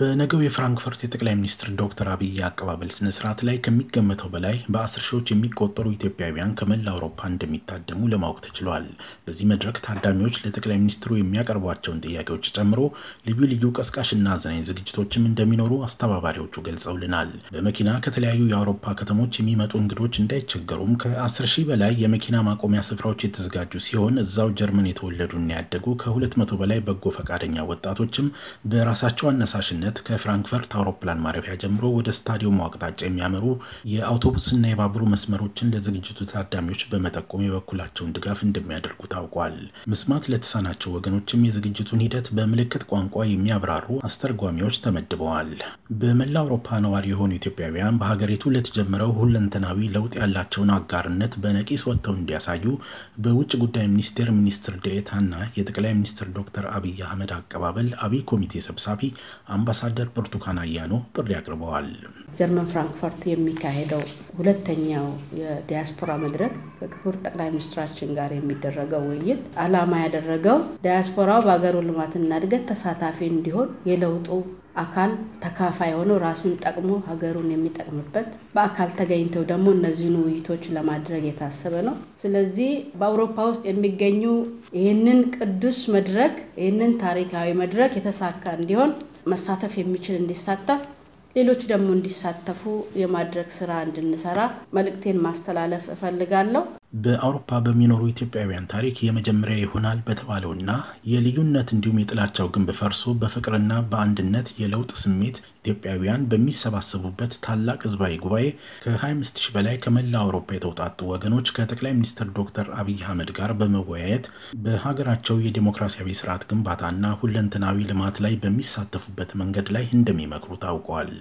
በነገው የፍራንክፈርት የጠቅላይ ሚኒስትር ዶክተር አብይ አቀባበል ስነስርዓት ላይ ከሚገመተው በላይ በአስር ሺዎች የሚቆጠሩ ኢትዮጵያውያን ከመላ አውሮፓ እንደሚታደሙ ለማወቅ ተችሏል። በዚህ መድረክ ታዳሚዎች ለጠቅላይ ሚኒስትሩ የሚያቀርቧቸውን ጥያቄዎች ጨምሮ ልዩ ልዩ ቀስቃሽና አዝናኝ ዝግጅቶችም እንደሚኖሩ አስተባባሪዎቹ ገልጸውልናል። በመኪና ከተለያዩ የአውሮፓ ከተሞች የሚመጡ እንግዶች እንዳይቸገሩም ከአስር ሺህ በላይ የመኪና ማቆሚያ ስፍራዎች የተዘጋጁ ሲሆን እዛው ጀርመን የተወለዱና ያደጉ ከሁለት መቶ በላይ በጎ ፈቃደኛ ወጣቶችም በራሳቸው አነሳሽነት አማካኝነት ከፍራንክፈርት አውሮፕላን ማረፊያ ጀምሮ ወደ ስታዲየሙ አቅጣጫ የሚያመሩ የአውቶቡስና የባቡሩ መስመሮችን ለዝግጅቱ ታዳሚዎች በመጠቆም የበኩላቸውን ድጋፍ እንደሚያደርጉ ታውቋል። መስማት ለተሳናቸው ወገኖችም የዝግጅቱን ሂደት በምልክት ቋንቋ የሚያብራሩ አስተርጓሚዎች ተመድበዋል። በመላ አውሮፓ ነዋሪ የሆኑ ኢትዮጵያውያን በሀገሪቱ ለተጀመረው ሁለንተናዊ ለውጥ ያላቸውን አጋርነት በነቂስ ወጥተው እንዲያሳዩ በውጭ ጉዳይ ሚኒስቴር ሚኒስትር ደኤታና የጠቅላይ ሚኒስትር ዶክተር አብይ አህመድ አቀባበል አብይ ኮሚቴ ሰብሳቢ አምባ አምባሳደር ብርቱካን አያኖ ጥሪ አቅርበዋል። ጀርመን ፍራንክፈርት የሚካሄደው ሁለተኛው የዲያስፖራ መድረክ ከክቡር ጠቅላይ ሚኒስትራችን ጋር የሚደረገው ውይይት ዓላማ ያደረገው ዲያስፖራው በሀገሩ ልማትና እድገት ተሳታፊ እንዲሆን የለውጡ አካል ተካፋይ ሆነው ራሱን ጠቅሞ ሀገሩን የሚጠቅምበት በአካል ተገኝተው ደግሞ እነዚህን ውይይቶች ለማድረግ የታሰበ ነው። ስለዚህ በአውሮፓ ውስጥ የሚገኙ ይህንን ቅዱስ መድረክ ይህንን ታሪካዊ መድረክ የተሳካ እንዲሆን መሳተፍ የሚችል እንዲሳተፍ ሌሎች ደግሞ እንዲሳተፉ የማድረግ ስራ እንድንሰራ መልእክቴን ማስተላለፍ እፈልጋለሁ። በአውሮፓ በሚኖሩ ኢትዮጵያውያን ታሪክ የመጀመሪያ ይሆናል በተባለውና የልዩነት እንዲሁም የጥላቻው ግንብ ፈርሶ በፍቅርና በአንድነት የለውጥ ስሜት ኢትዮጵያውያን በሚሰባሰቡበት ታላቅ ሕዝባዊ ጉባኤ ከ25 ሺህ በላይ ከመላ አውሮፓ የተውጣጡ ወገኖች ከጠቅላይ ሚኒስትር ዶክተር አብይ አህመድ ጋር በመወያየት በሀገራቸው የዴሞክራሲያዊ ስርዓት ግንባታና ሁለንተናዊ ልማት ላይ በሚሳተፉበት መንገድ ላይ እንደሚመክሩ ታውቋል።